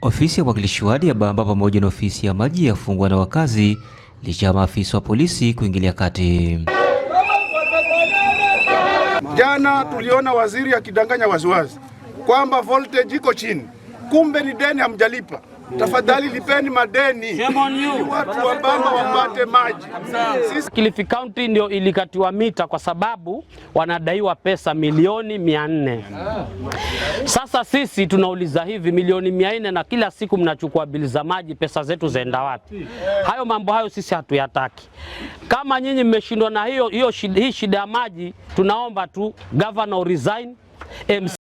Ofisi ya mwakilishi wadi ya Bamba pamoja na ofisi ya maji yafungwa na wakazi licha ya maafisa wa polisi kuingilia kati. Jana tuliona waziri akidanganya waziwazi kwamba voltage iko chini, kumbe ni deni hamjalipa. Tafadhali lipeni madeni ili watu wa Bamba wapate maji. Kilifi County ndio ilikatiwa mita kwa sababu wanadaiwa pesa milioni mia nne. Sasa sisi tunauliza hivi, milioni mia nne na kila siku mnachukua bili za maji, pesa zetu zaenda wapi? Hayo mambo hayo sisi hatuyataki. Kama nyinyi mmeshindwa na hiyo, hiyo shida, hii shida ya maji, tunaomba tu governor resign, MC